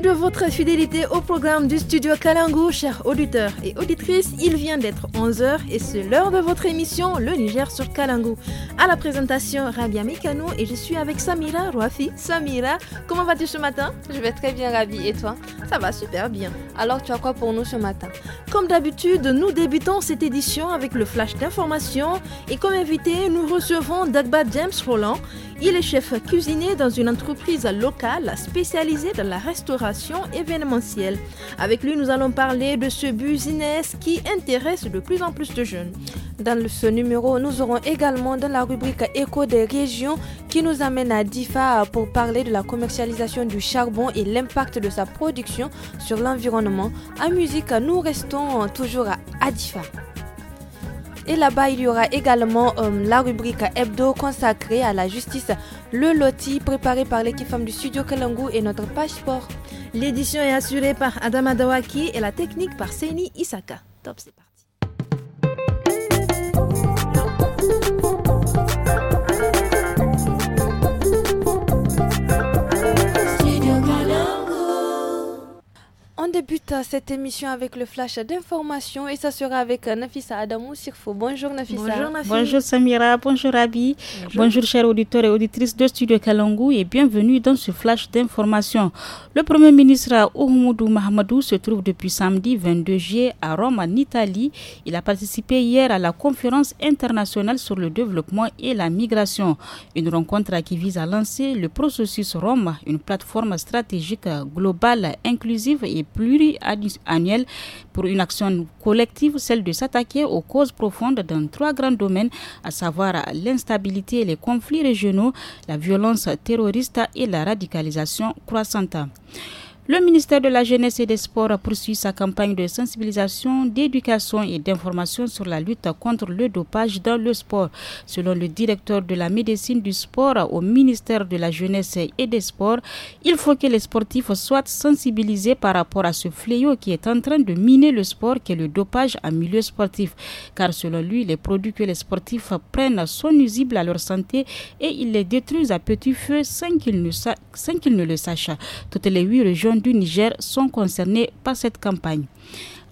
de votre fidélité au programme du studio Kalangu, chers auditeurs et auditrices. Il vient d'être 11h et c'est l'heure de votre émission Le Niger sur Kalangu. À la présentation, Rabia Mekano et je suis avec Samira Rouafi. Samira, comment vas-tu ce matin Je vais très bien, Rabi. Et toi Ça va super bien. Alors, tu as quoi pour nous ce matin Comme d'habitude, nous débutons cette édition avec le flash d'information et comme invité, nous recevons Dagba James Roland. Il est chef cuisinier dans une entreprise locale spécialisée dans la restauration événementielle. Avec lui, nous allons parler de ce business qui intéresse de plus en plus de jeunes. Dans ce numéro, nous aurons également dans la rubrique écho des régions qui nous amène à DIFA pour parler de la commercialisation du charbon et l'impact de sa production sur l'environnement. À musique, nous restons toujours à DIFA. Et là-bas, il y aura également euh, la rubrique hebdo consacrée à la justice, le loti préparé par l'équipe femme du studio Kalangu et notre page fort. L'édition est assurée par Adama Dawaki et la technique par Seni Isaka. Top, c'est On débute cette émission avec le flash d'information et ça sera avec Nafisa Adamou Sirfo. Bonjour Nafisa. Bonjour Nafisa. Bonjour Samira, bonjour Abi. Bonjour. chers auditeurs et auditrices de Studio Kalangou et bienvenue dans ce flash d'information. Le Premier ministre Oumoudou Mahamadou se trouve depuis samedi 22 juillet à Rome en Italie. Il a participé hier à la conférence internationale sur le développement et la migration, une rencontre qui vise à lancer le processus Rome, une plateforme stratégique globale inclusive et pluriannuel pour une action collective, celle de s'attaquer aux causes profondes dans trois grands domaines, à savoir l'instabilité et les conflits régionaux, la violence terroriste et la radicalisation croissante. Le ministère de la Jeunesse et des Sports poursuit sa campagne de sensibilisation, d'éducation et d'information sur la lutte contre le dopage dans le sport. Selon le directeur de la médecine du sport au ministère de la Jeunesse et des Sports, il faut que les sportifs soient sensibilisés par rapport à ce fléau qui est en train de miner le sport qu'est le dopage en milieu sportif. Car selon lui, les produits que les sportifs prennent sont nuisibles à leur santé et ils les détruisent à petit feu sans qu'ils ne, ne, le sachent. Toutes les huit régions du Niger sont concernés par cette campagne.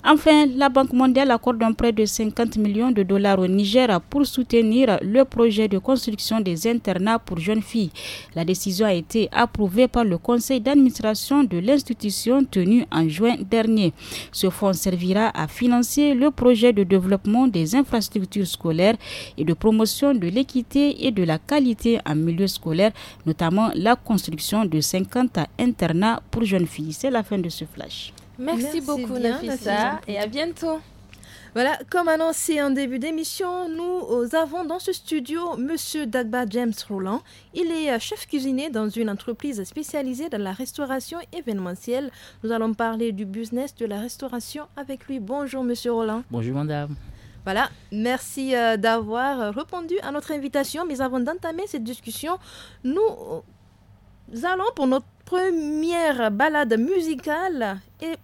Enfin, la Banque mondiale accorde un prêt de 50 millions de dollars au Niger pour soutenir le projet de construction des internats pour jeunes filles. La décision a été approuvée par le conseil d'administration de l'institution tenue en juin dernier. Ce fonds servira à financer le projet de développement des infrastructures scolaires et de promotion de l'équité et de la qualité en milieu scolaire, notamment la construction de 50 internats pour jeunes filles. C'est la fin de ce flash. Merci, beaucoup, Nafissa, et à bientôt. Voilà, comme annoncé en début d'émission, nous euh, avons dans ce studio Monsieur Dagba James Roland. Il est euh, chef cuisinier dans une entreprise spécialisée dans la restauration événementielle. Nous allons parler du business de la restauration avec lui. Bonjour Monsieur Roland. Bonjour Madame. Voilà, merci euh, d'avoir répondu à notre invitation. Mais avant d'entamer cette discussion, nous allons pour notre première balade musicale et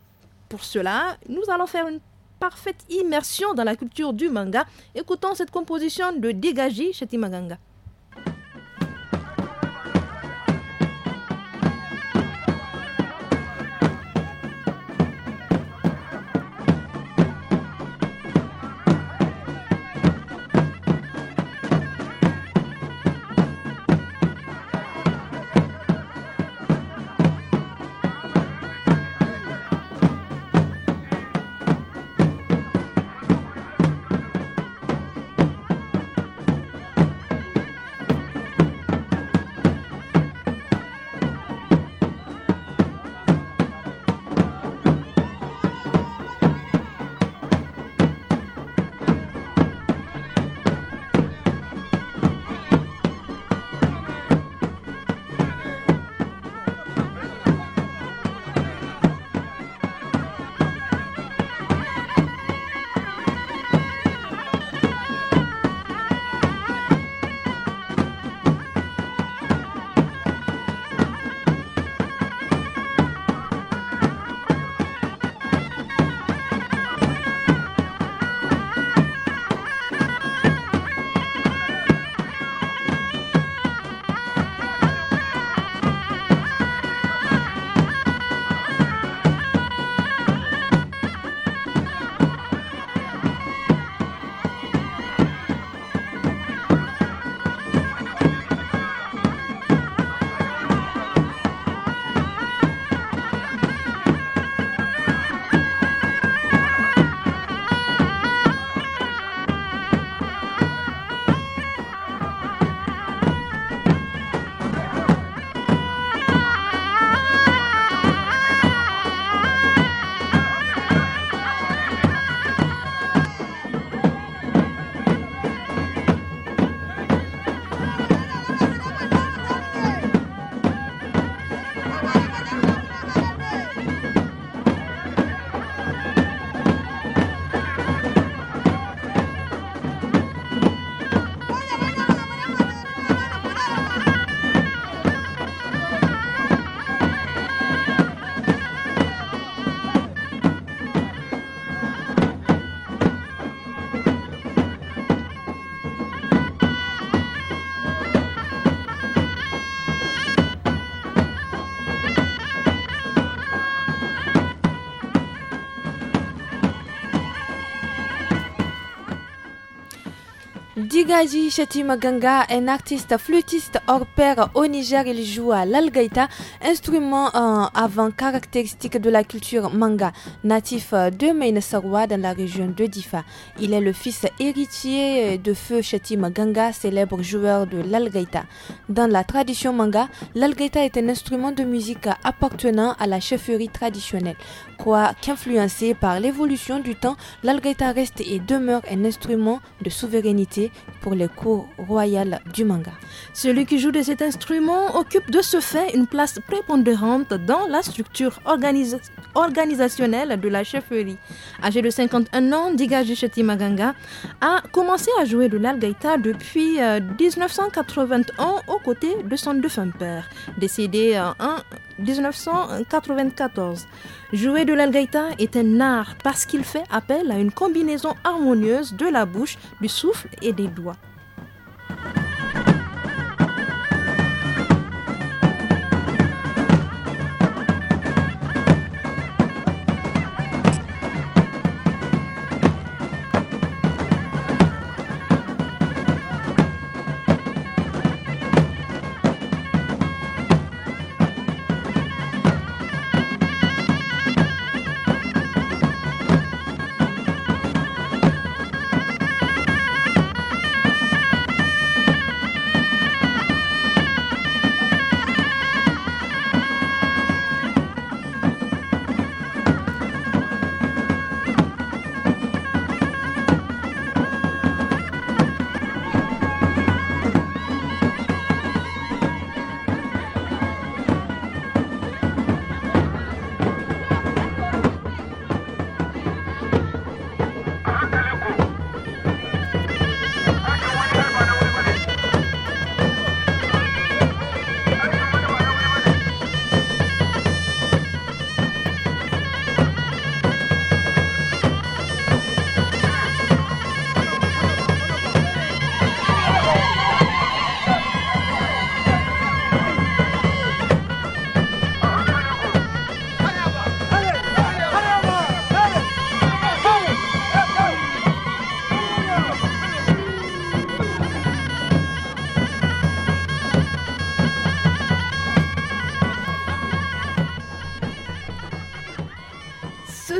pour cela, nous allons faire une parfaite immersion dans la culture du manga. Écoutons cette composition de Degaji Chetimaganga. Digaji Shetima Ganga, un artiste flûtiste hors pair au Niger, il joue à l'algaïta, instrument euh, avant caractéristique de la culture manga, natif euh, de Mainsarwa dans la région de Difa. Il est le fils héritier de feu Shetima Ganga, célèbre joueur de l'algaïta. Dans la tradition manga, l'algaïta est un instrument de musique appartenant à la chefferie traditionnelle quoi qu'influencé par l'évolution du temps, l'algaïta reste et demeure un instrument de souveraineté pour les cours royales du manga. Celui qui joue de cet instrument occupe de ce fait une place prépondérante dans la structure organisationnelle de la chefferie. Âgé de 51 ans, Digaji Shetimaganga a commencé à jouer de l'algaïta depuis 1981 euh, aux côtés de son défunt père, décédé euh, en 1994. Jouer de l'algaïta est un art parce qu'il fait appel à une combinaison harmonieuse de la bouche, du souffle et des doigts.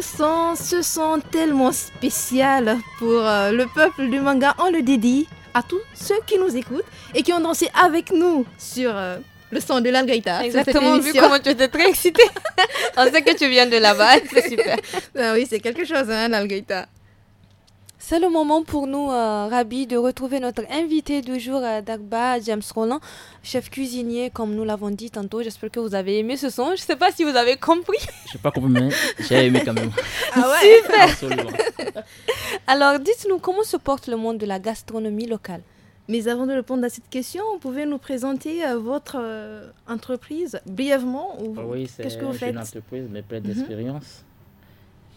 son, ce sont tellement spécial pour euh, le peuple du manga. On le dédie à tous ceux qui nous écoutent et qui ont dansé avec nous sur euh, le son de l'algaïta. Exactement, vu comment tu étais très excitée. On sait que tu viens de là-bas, c'est super. Ah oui, c'est quelque chose, hein, l'algaïta. C'est le moment pour nous, Rabbi, euh, Rabi, de retrouver notre invité du jour, euh, Dagba James Roland, chef cuisinier, comme nous l'avons dit tantôt. J'espère que vous avez aimé ce son. Je ne sais pas si vous avez compris. Je n'ai pas compris, mais j'ai aimé quand même. Ah ouais Super Alors, dites-nous, comment se porte le monde de la gastronomie locale mais avant de répondre à cette question, vous pouvez nous présenter euh, votre entreprise brièvement ou Oui, c'est -ce que vous faites une entreprise, mais pleine mhm. d'expérience,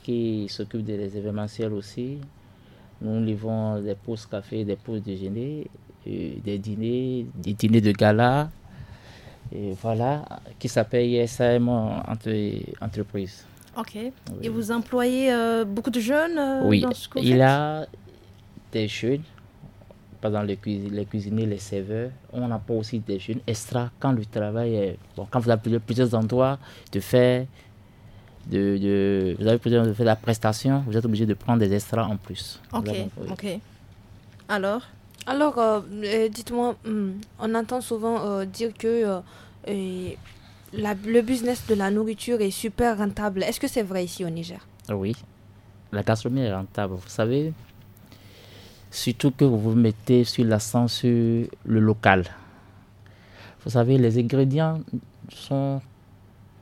qui s'occupe des événementiels aussi, nous livrons des pauses café, des pauses déjeuner, euh, des dîners, des dîners de gala. Et voilà, qui s'appelle ISAM entre, Entreprise. Ok. Et vous employez euh, beaucoup de jeunes euh, Oui, il a des jeunes, pendant les, cuis les cuisiniers, les serveurs. On n'a pas aussi des jeunes extra quand le travail est. Bon, quand vous avez plusieurs endroits de faire de, vous avez besoin de faire la prestation, vous êtes obligé de prendre des extras en plus. Ok, ok. Alors Alors, euh, euh, dites-moi, hmm, on entend souvent euh, dire que le business de la nourriture est super rentable. Est-ce que c'est vrai ici au Niger Oui, la gastronomie est rentable. Vous savez, surtout que vous vous mettez sur l'accent sur le local. Vous savez, les ingrédients sont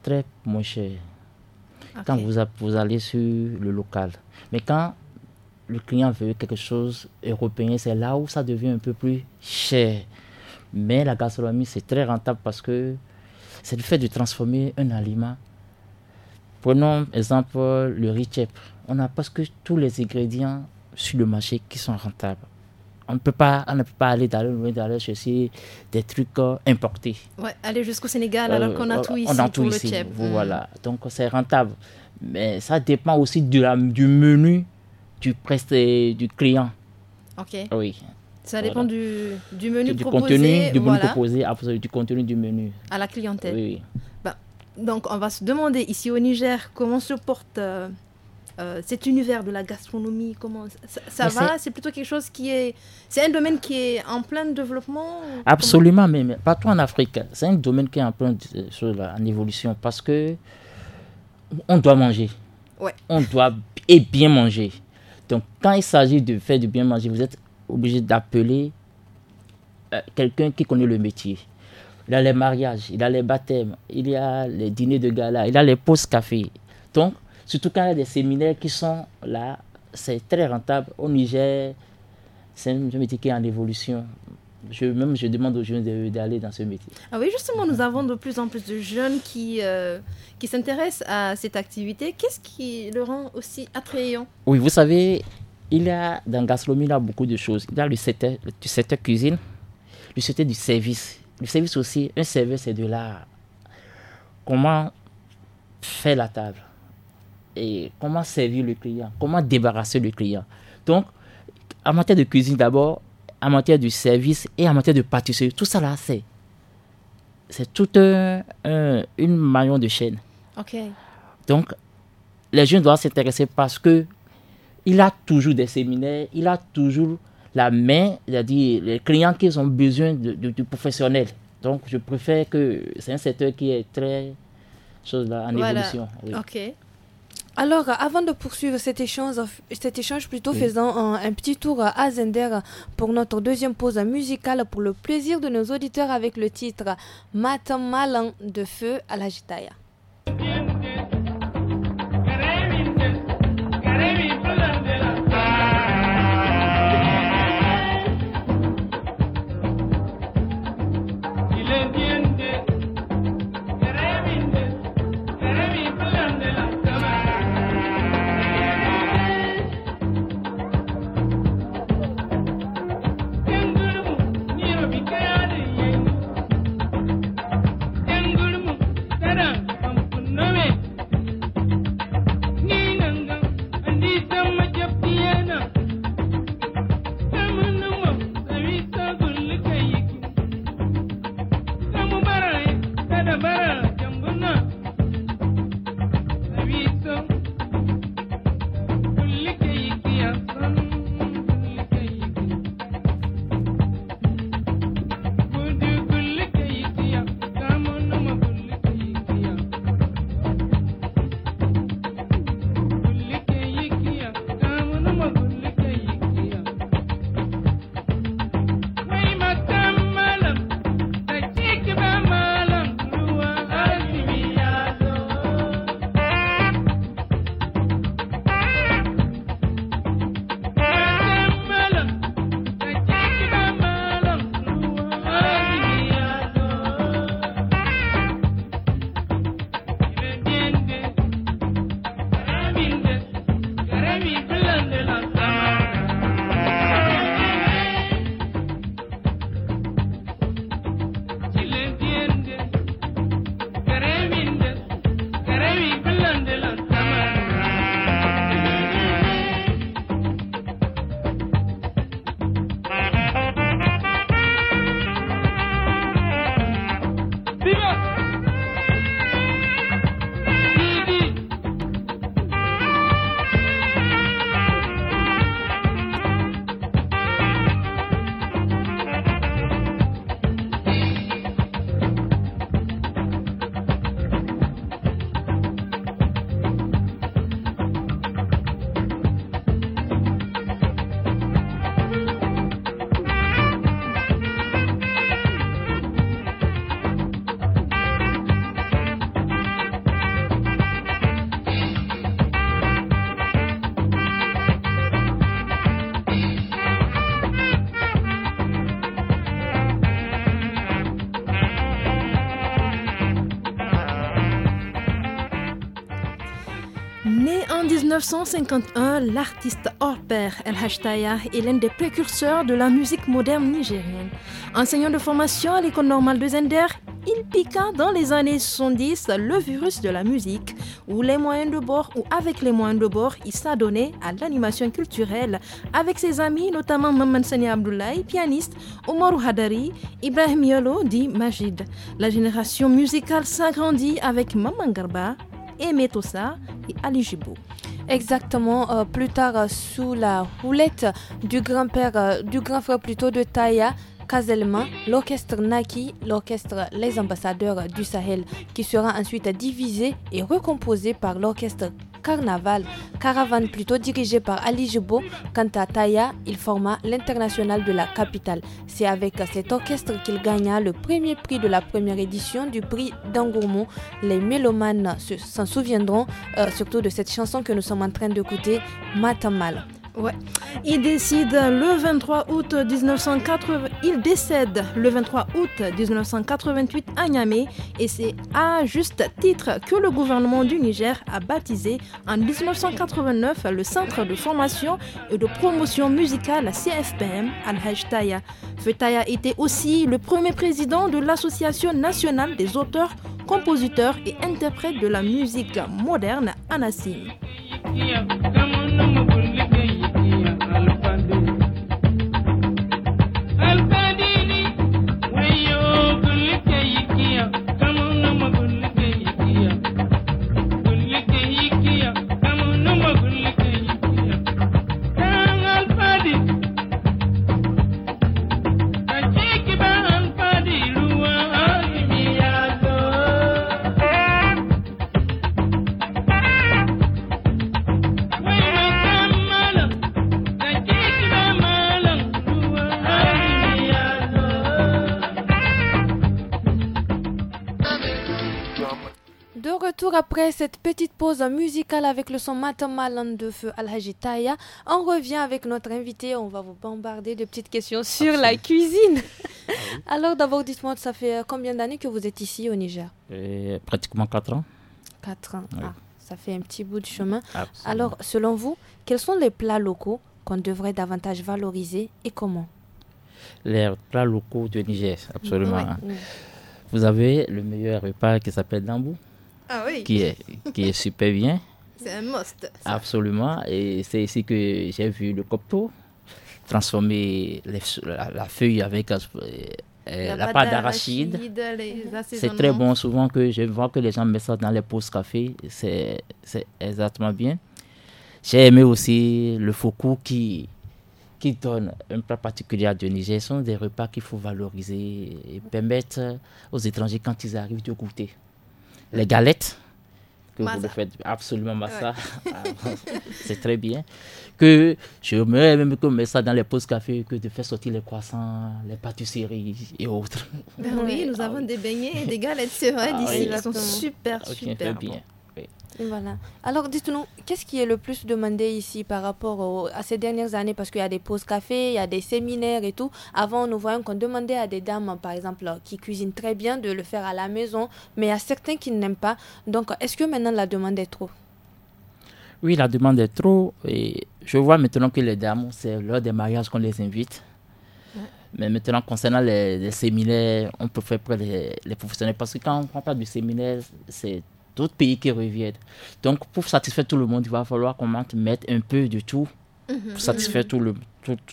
très moins chers quand vous, allez sur le local. Mais quand le client veut quelque chose européen, c'est là où ça devient un peu plus cher. Mais la gastronomie, c'est très rentable parce que c'est le fait de transformer un aliment. Prenons exemple le riz On a presque tous les ingrédients sur le marché qui sont rentables on ne peut pas, on ne peut pas aller dans le d'aller chercher des trucs euh, importés. Ouais, aller jusqu'au Sénégal euh, alors qu'on a euh, tout ici on a tout ici, vous, hmm. Voilà, donc c'est rentable. Mais ça dépend aussi de la, du menu du, du client. Ok. Oui. Ça dépend du, du, menu du, du proposé. Contenu, du proposé, ah, du contenu du menu. À la clientèle. Oui. Bah, donc on va se demander ici au Niger comment se porte... Euh, cet univers de la gastronomie comment ça, va c'est plutôt quelque chose qui est c'est un domaine qui est en plein développement absolument mais, pas partout en Afrique c'est un domaine qui est en plein euh, sur en évolution parce que on doit manger ouais. on doit et bien manger donc quand il s'agit de faire du bien manger vous êtes obligé d'appeler euh, quelqu'un qui connaît le métier il y a les mariages, il y a les baptêmes, il y a les dîners de gala, il y a les pauses café. Donc, Surtout quand il y a des séminaires qui sont là, c'est très rentable. Au Niger, c'est un métier qui est en évolution. Je, même je demande aux jeunes d'aller dans ce métier. Ah oui, justement, nous avons de plus en plus de jeunes qui, euh, qui s'intéressent à cette activité. Qu'est-ce qui le rend aussi attrayant Oui, vous savez, il y a dans gastronomie, beaucoup de choses. Dans le secteur, le secteur cuisine, le secteur du service. Le service aussi, un service, c'est de l'art. Comment faire la table et comment servir le client, comment débarrasser le client. Donc, en matière de cuisine d'abord, en matière de service et en matière de pâtisserie, tout ça là, c'est c'est toute un, une maillon de chaîne. Ok. Donc, les jeunes doivent s'intéresser parce que il a toujours des séminaires, il a toujours la main, c'est-à-dire les clients qui ont besoin de, du professionnel. Donc, je préfère que c'est un secteur qui est très chose là, en évolution. Ok. Alors, avant de poursuivre cet échange, cet échange plutôt, faisant un, petit tour à Zender pour notre deuxième pause musicale pour le plaisir de nos auditeurs avec le titre Matin malin de Feu à la 1951, l'artiste hors-père El Hashtaya est l'un des précurseurs de la musique moderne nigérienne. Enseignant de formation à l'école normale de Zender, il piqua dans les années 70 le virus de la musique, où les moyens de bord ou avec les moyens de bord, il s'adonnait à l'animation culturelle avec ses amis, notamment Maman Sani Abdoulaye, pianiste, Omar Hadari, Ibrahim Yolo, dit Majid. La génération musicale s'agrandit avec Maman Garba, et Ali Jibou. Exactement, euh, plus tard euh, sous la roulette du grand-père, euh, du grand-frère plutôt de Taya, Kazelma, l'orchestre Naki, l'orchestre Les Ambassadeurs du Sahel, qui sera ensuite divisé et recomposé par l'orchestre Carnaval, caravane plutôt dirigée par Ali Jebo. Quant à Taya, il forma l'international de la capitale. C'est avec cet orchestre qu'il gagna le premier prix de la première édition du prix d'Angourmont. Les mélomanes s'en souviendront, euh, surtout de cette chanson que nous sommes en train d'écouter, Matamal. Il décide le 23 août 1980. Il décède le 23 août 1988 à Niamey et c'est à juste titre que le gouvernement du Niger a baptisé en 1989 le Centre de formation et de promotion musicale CFPM Al-Hajj Taya. était aussi le premier président de l'Association nationale des auteurs, compositeurs et interprètes de la musique moderne, Anassim. après cette petite pause musicale avec le son Matamalan de feu al on revient avec notre invité. On va vous bombarder de petites questions sur la cuisine. Ah Alors d'abord, dites-moi, ça fait euh, combien d'années que vous êtes ici au Niger euh, Pratiquement 4 ans. 4 ans, ah, ça fait un petit bout de chemin. Alors, selon vous, quels sont les plats locaux qu'on devrait davantage valoriser et comment Les plats locaux du Niger, absolument. vous avez le meilleur repas qui s'appelle Dambou. Ah qui, est, qui est super bien. C'est un must. Absolument. Et c'est ici que j'ai vu le copto transformer la, feuille avec euh, la, pâte d'arachide. C'est très bon. Souvent que je vois que les gens mettent ça dans les pauses café. C'est exactement bien. J'ai aimé aussi le foku qui, qui donne un plat particulier à Niger. Ce sont des repas qu'il faut valoriser et permettre aux étrangers, quand ils arrivent, de goûter les galettes que vous faites absolument massa. c'est très bien. Que je me même que ça dans les pauses café, que de faire sortir les croissants, les pâtisseries et autres. Ben oui, nous ah avons des beignets et des galettes, c'est vrai, ah d'ici, sont super, super. bien. Voilà. Alors, dites-nous, qu'est-ce qui est le plus demandé ici par rapport à ces dernières années Parce qu'il y a des pauses café, il y a des séminaires et tout. Avant, nous voyons qu'on demandait à des dames, par exemple, qui cuisinent très bien, de le faire à la maison, mais il y a certains qui n'aiment pas. Donc, est-ce que maintenant la demande est trop Oui, la demande est trop. Et je vois maintenant que les dames, c'est lors des mariages qu'on les invite. Mais maintenant, concernant les, séminaires, on peut faire près les, professionnels. Parce que quand on parle du séminaire, c'est d'autres pays qui reviennent. Donc, pour satisfaire tout le monde, il va falloir qu'on mette un peu de tout mhm. pour satisfaire mhm. tout, le,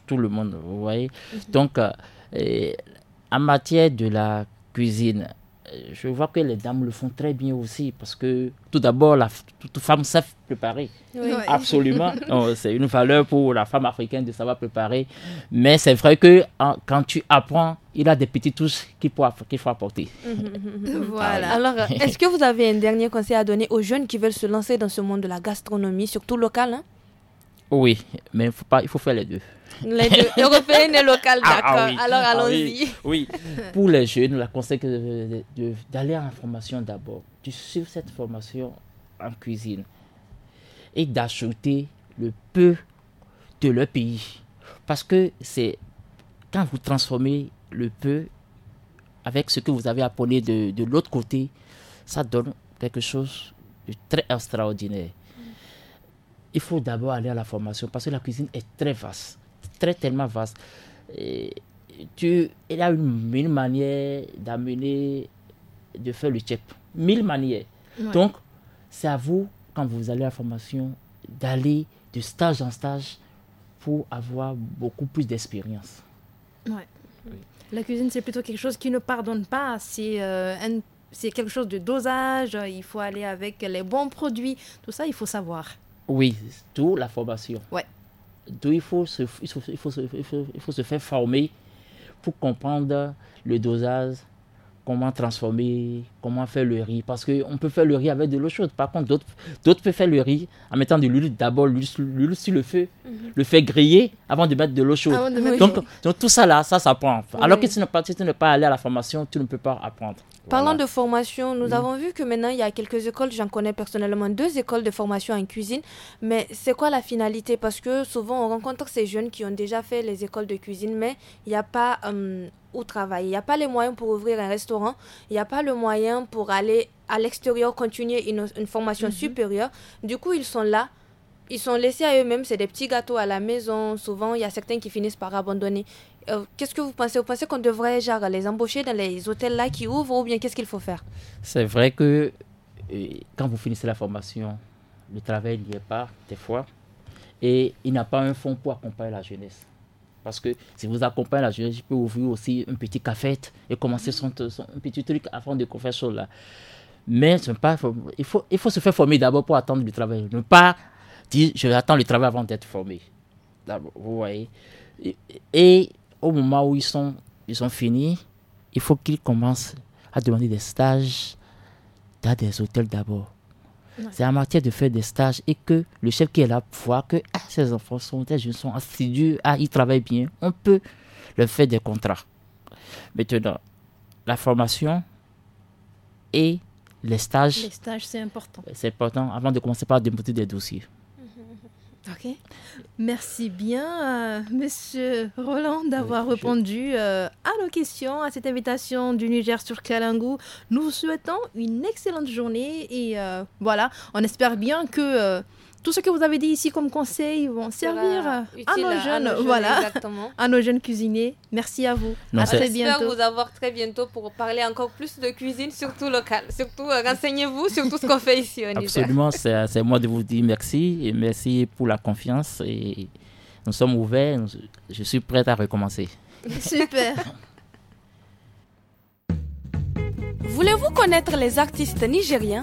tout, le monde. Vous voyez mhm. Donc, euh, en matière de la cuisine, euh, je vois que les dames le font très bien aussi parce que tout d'abord, la, toute femme sait préparer. Absolument. Oh, c'est une valeur pour la femme africaine de savoir préparer. Mais c'est vrai que quand tu apprends, il y a des petits touches qu'il faut, faut, apporter. Mhm. voilà. Alors, est-ce que vous avez un dernier conseil à donner aux jeunes qui veulent se lancer dans ce monde de la gastronomie, surtout locale hein? Oui, mais faut pas, il faut faire les deux. Les européenne et locale, ah, ah d'accord. Alors ah allons-y. oui. pour les jeunes, la conseil d'aller en formation d'abord, de suivre cette formation en cuisine et d'acheter le peu de leur pays. Parce que c'est quand vous transformez le peu avec ce que vous avez apporté de, de l'autre côté, ça donne quelque chose de très extraordinaire. Mm. Il faut d'abord aller à la formation parce que la cuisine est très vaste très tellement vaste. Et tu, il a une, mille manière d'amener, de faire le chef. Mille manières. Donc, c'est à vous, quand vous allez à la formation, d'aller de stage en stage pour avoir beaucoup plus d'expérience. Ouais. Oui. La cuisine, c'est plutôt quelque chose qui ne pardonne pas. C'est euh, c'est quelque chose de dosage, il faut aller avec les bons produits, tout ça, il faut savoir. Oui, tout la formation. Ouais il faut, se, faire former pour comprendre le dosage, comment transformer comment faire le riz. Parce qu'on peut faire le riz avec de l'eau chaude. Par contre, d'autres peuvent faire le riz en mettant de l'huile d'abord, l'huile sur le feu, mhm. le fait griller avant de mettre de l'eau chaude. donc, tout ça là, ça Ça prend Alors que tu ne pas, tu n'es pas allé à la formation, tu ne peux pas apprendre. Parlant de formation, nous avons vu que maintenant, il y a quelques écoles, j'en connais personnellement deux écoles de formation en cuisine, mais c'est quoi la finalité Parce que souvent, on rencontre ces jeunes qui ont déjà fait les écoles de cuisine, mais il n'y a pas euh, où travailler, il n'y a pas les moyens pour ouvrir un restaurant, il n'y a pas le moyen pour aller à l'extérieur, continuer une, formation mhm. supérieure. Du coup, ils sont là, ils sont laissés à eux-mêmes, c'est des petits gâteaux à la maison. Souvent, il y a certains qui finissent par abandonner. Euh, qu'est-ce que vous pensez Vous pensez qu'on devrait les embaucher dans les hôtels-là qui ouvrent ou bien qu'est-ce qu'il faut faire C'est vrai que euh, quand vous finissez la formation, le travail n'y est pas, des fois. Et il n'y a pas un fonds pour accompagner la jeunesse. Parce que si vous accompagnez la jeunesse, je peux ouvrir aussi un petit café et commencer un petit truc avant de faire cela. là. Mais il, faut, se faire former d'abord pour attendre le travail. Ne pas dire je vais attendre le travail avant d'être formé. Vous voyez. Et, au moment où ils sont finis, il faut qu'ils commencent à demander des stages dans des hôtels d'abord. C'est en matière de faire des stages et que le chef qui est là voit que ah, ces enfants sont, sont assidus, ah, ils travaillent bien. On peut leur faire des contrats. Maintenant, la formation et les stages. Les stages, c'est important. C'est important avant de commencer par démonter des dossiers. Ok. Merci bien, euh, Monsieur Roland, d'avoir répondu euh, à nos questions, à cette invitation du Niger sur Kalangu. Nous vous souhaitons une excellente journée et euh, voilà, on espère bien que tout ce que vous avez dit ici comme conseils vont servir à nos jeunes, voilà, à nos jeunes cuisiniers. Merci à vous. merci à très bientôt. vous avoir très bientôt pour parler encore plus de cuisine, surtout locale. Surtout euh, renseignez-vous sur tout ce qu'on fait ici. Au Absolument, c'est moi de vous dire merci et merci pour la confiance et nous sommes ouverts. je suis prête à recommencer. Super. Voulez-vous connaître les artistes nigériens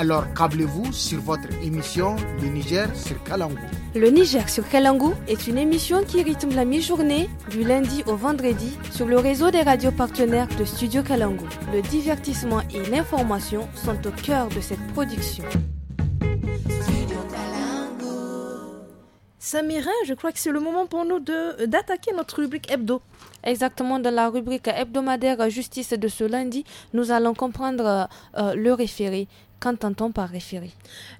alors câblez-vous sur votre émission Le Niger sur Kalango. Le Niger sur Kalango est une émission qui rythme la mi-journée du lundi au vendredi sur le réseau des radios partenaires de Studio Kalango. Le divertissement et l'information sont au cœur de cette production. Samira, je crois que c'est le moment pour nous euh, d'attaquer notre rubrique hebdo. Exactement, dans la rubrique hebdomadaire justice de ce lundi, nous allons comprendre euh, euh, le référé. Qu'entend-on par référé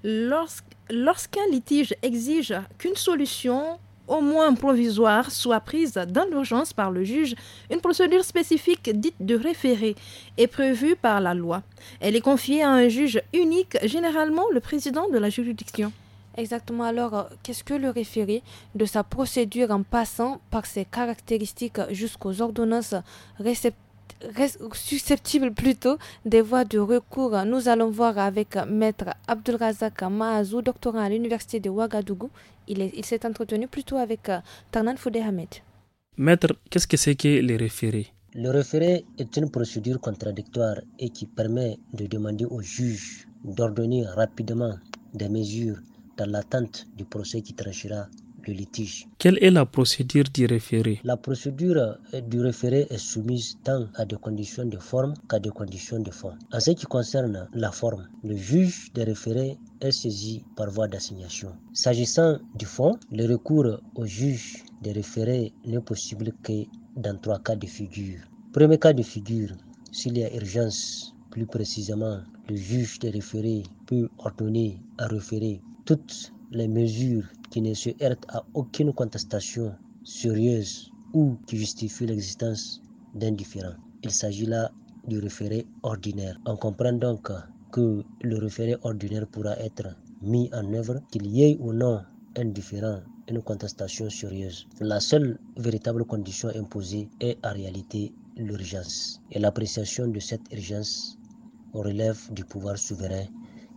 Lorsqu'un litige exige qu'une solution au moins provisoire, soit prise dans l'urgence par le juge, une procédure spécifique dite de référé est prévue par la loi. Elle est confiée à un juge unique, généralement le président de la juridiction. Exactement. Alors, euh, qu'est-ce que le référé de sa procédure en passant par ses caractéristiques jusqu'aux ordonnances réceptives susceptible plutôt des voies de recours. Nous allons voir avec Maître Abdulrazak Mahazou, doctorant à l'université de Ouagadougou. Il s'est entretenu plutôt avec euh, Tarnan Foudehamed. Maître, qu'est-ce que c'est que les référés Le référé est une procédure contradictoire et qui permet de demander au juge d'ordonner rapidement des mesures dans l'attente du procès qui tranchera litige. Quelle est la procédure du référé La procédure euh, du référé est soumise tant à des conditions de forme qu'à des conditions de fond. En ce qui concerne la forme, le juge des référés est saisi par voie d'assignation. S'agissant du fond, le recours au juge des référés n'est possible que dans trois cas de figure. Premier cas de figure, s'il y a urgence, plus précisément, le juge des référés peut ordonner à référer toutes les mesures qui ne se heurtent à aucune contestation sérieuse ou qui justifient l'existence d'un Il s'agit là du référé ordinaire. On comprend donc que le référé ordinaire pourra être mis en œuvre, qu'il y ait ou non un différent, une contestation sérieuse. La seule véritable condition imposée est en réalité l'urgence. Et l'appréciation de cette urgence relève du pouvoir souverain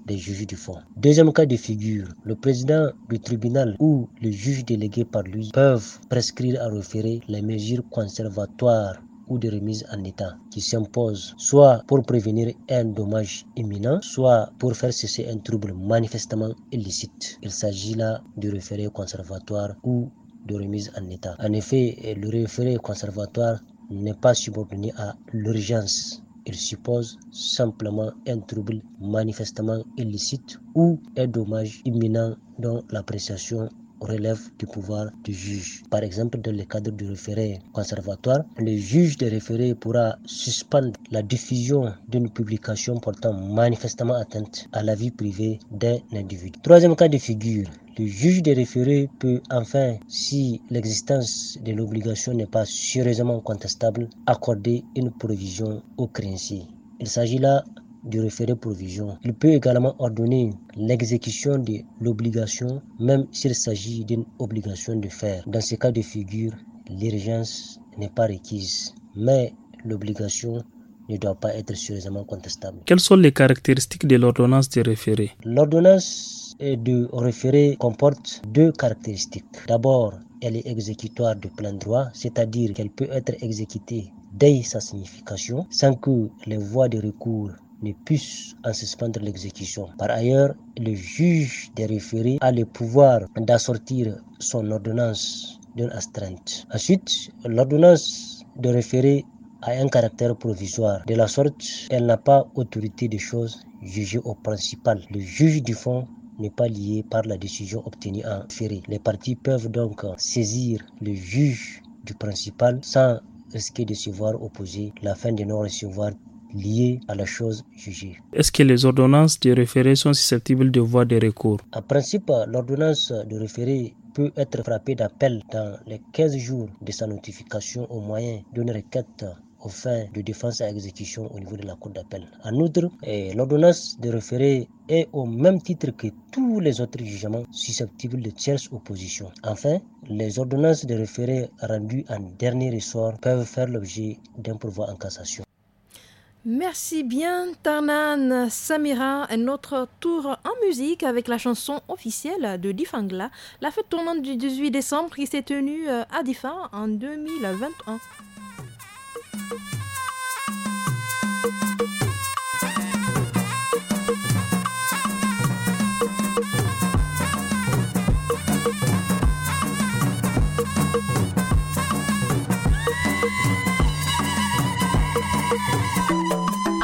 des juges du fond. Deuxième cas de figure, le président du tribunal ou le juge délégué par lui peuvent prescrire à référer les mesures conservatoires ou de remise en état qui s'imposent soit pour prévenir un dommage imminent, soit pour faire cesser un trouble manifestement illicite. Il s'agit là du référé conservatoire ou de remise en état. En effet, le référé conservatoire n'est pas subordonné à l'urgence il suppose simplement un trouble manifestement illicite ou un dommage imminent dont l'appréciation relève du pouvoir du juge. Par exemple, dans le cadre du référé conservatoire, le juge de référé pourra suspendre la diffusion d'une publication portant manifestement atteinte à la vie privée d'un individu. Troisième cas de figure, le juge des référés peut enfin, si l'existence de l'obligation n'est pas sérieusement contestable, accorder une provision au créancier. Il s'agit là du référé provision. Il peut également ordonner l'exécution de l'obligation, même s'il s'agit d'une obligation de faire. Dans ce cas de figure, l'urgence n'est pas requise, mais l'obligation ne doit pas être sérieusement contestable. Quelles sont les caractéristiques de l'ordonnance de référé L'ordonnance de référé comporte deux caractéristiques. D'abord, elle est exécutoire de plein droit, c'est-à-dire qu'elle peut être exécutée dès sa signification sans que les voies de recours ne puissent en suspendre l'exécution. Par ailleurs, le juge des référés a le pouvoir d'assortir son ordonnance d'une astreinte. Ensuite, l'ordonnance de référé a un caractère provisoire. De la sorte, elle n'a pas autorité de choses jugées au principal. Le juge du fond n'est pas lié par la décision obtenue en référé. Les parties peuvent donc saisir le juge du principal sans risquer de se voir opposer la fin de non-recevoir liée à la chose jugée. Est-ce que les ordonnances de référé sont susceptibles de voir des recours En principe, l'ordonnance de référé peut être frappée d'appel dans les 15 jours de sa notification au moyen d'une requête aux de défense à exécution au niveau de la Cour d'appel. En outre, eh, l'ordonnance de référé est au même titre que tous les autres jugements susceptibles de tierce opposition. Enfin, les ordonnances de référé rendues en dernier ressort peuvent faire l'objet d'un pourvoi en cassation. Merci bien, Tarnan Samira. Un autre tour en musique avec la chanson officielle de Difangla, la fête tournante du 18 décembre qui s'est tenue euh, à Difa en 2021.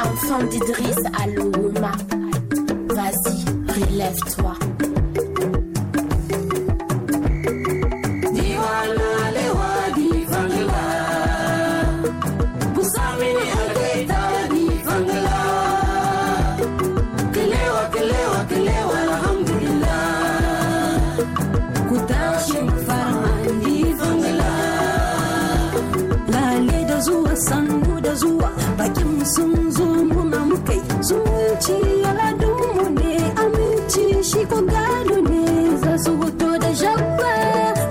Enfant d'Idriss à l'eau, Vas-y, relève-toi. sun zo muna muka yi zumunci aladunmu ne aminci shi ko gado ne za su hoto da jamba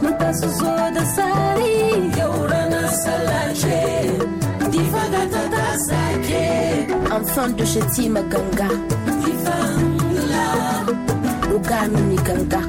mata zo da sari yau ranar salace difa gata ta sake amfan dushe tima ganga difa la ruga ganga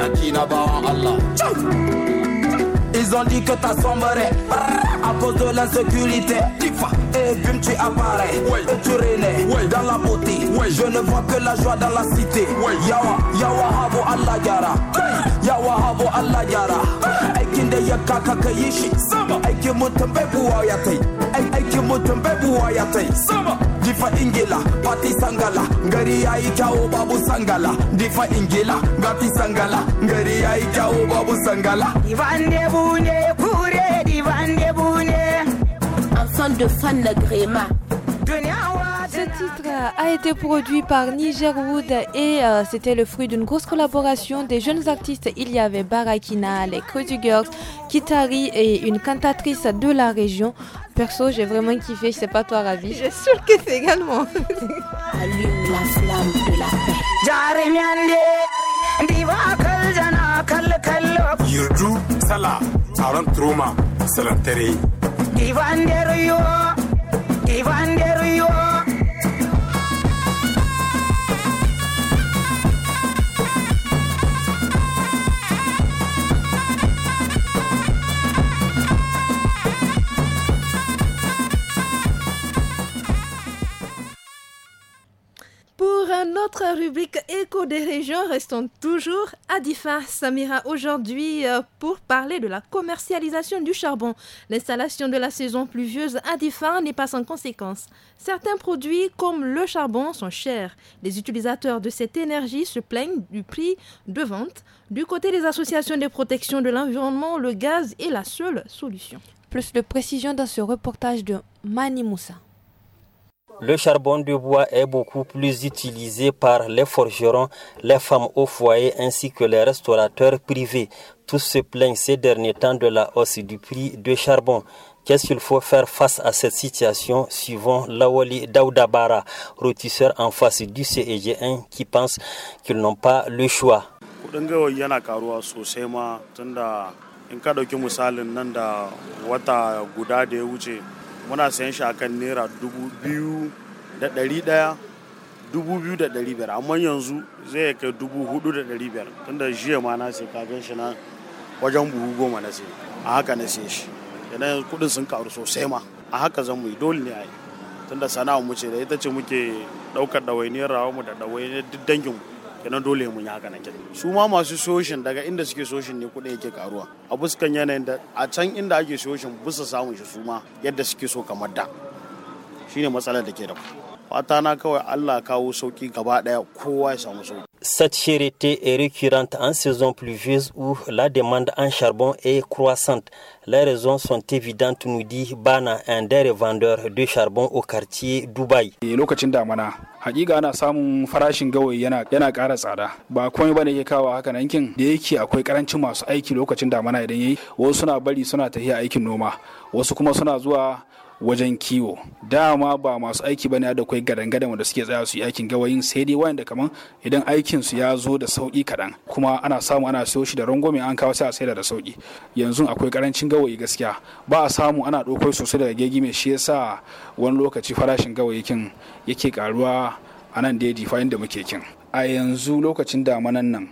garantie n'a Allah. Ils ont dit que t'as sombré à cause de l'insécurité. Et eh, puis tu apparais, ouais. et tu renais ouais. dans la beauté. Ouais. Je ne vois que la joie dans la cité. Yawa, yawa habo Allah yara. Yawa habo Allah yara. Aikin da ya kaka ka yi Aikin buwa ya tai. Aikin buwa ya Sama difa ingila pati sangala ngari yayi babu sangala difa ingila Bati sangala ngari yayi babu sangala divan debune kure divan debune enfant de fan de gréma titre a été produit par Niger Wood et euh, c'était le fruit d'une grosse collaboration des jeunes artistes. Il y avait Barakina, les du Girls, Kitari et une cantatrice de la région. Perso, j'ai vraiment kiffé, je sais pas toi, Ravi. Je suis sûre que c'est également. notre rubrique Écho des régions. Restons toujours à Difa. Samira, aujourd'hui, euh, pour parler de la commercialisation du charbon. L'installation de la saison pluvieuse à Difa n'est pas sans conséquence. Certains produits, comme le charbon, sont chers. Les utilisateurs de cette énergie se plaignent du prix de vente. Du côté des associations de protection de l'environnement, le gaz est la seule solution. Plus de précision dans ce reportage de Mani Moussa. Le charbon de bois est beaucoup plus utilisé par les forgerons, les femmes au foyer ainsi que les restaurateurs privés. Tous se plaignent ces derniers temps de la hausse du prix du charbon. Qu'est-ce qu'il faut faire face à cette situation suivant Lawali Daoudabara, rotisseur en face du CEG1 qui pense qu'ils n'ont pas le choix. muna sayan shi kan naira dubu biyu da ɗari ɗaya dubu biyu da ɗari biyar amma yanzu zai kai dubu hudu da ɗari biyar tunda jiya ma na sai kafin shi na wajen buhu goma na sai a haka na sai shi idan kuɗin sun karu sosai ma a haka zan mu yi dole ne a yi tunda sana'a mu ce da ita ce muke ɗaukar ɗawainiyar rawa mu da ɗawainiyar duk dangin mu kenan dole mun yi haka na kenan su ma masu soshin daga inda suke soshin ne kuɗin yake karuwa a buskan yanayin da a can inda ake soshin busa samun shi su ma yadda suke so kamar da shine matsalar da ke da ku fata na kawai Allah kawo sauki gaba daya kowa ya samu sauki Cette charité est récurrente en saison pluvieuse où la demande en charbon est croissante. Les raisons sont évidentes, nous dit Bana, un des revendeurs de charbon au quartier Dubaï. Eh, lokacin damana, hakika ana samun farashin gawayi yana yana ƙara tsada. Ba komai bane yake kawo haka nan kin da yake akwai karancin masu aiki lokacin damana idan yayi, wasu suna bari suna tafiya aikin noma, wasu kuma suna zuwa wajen kiwo dama ba masu aiki ba bane da kwai gadan wanda suke tsaya su yi aikin gawayin sai dai wanda kaman idan aikin su ya zo da sauki kaɗan kuma ana samu ana siyo shi da rangwame an kawo sai a saida da sauki yanzu akwai karancin gawayi gaskiya ba a samu ana ɗaukar sosai daga gegi mai shi yasa wani lokaci farashin gawayi yake karuwa a nan daidai fayin da muke kin a yanzu lokacin damanan nan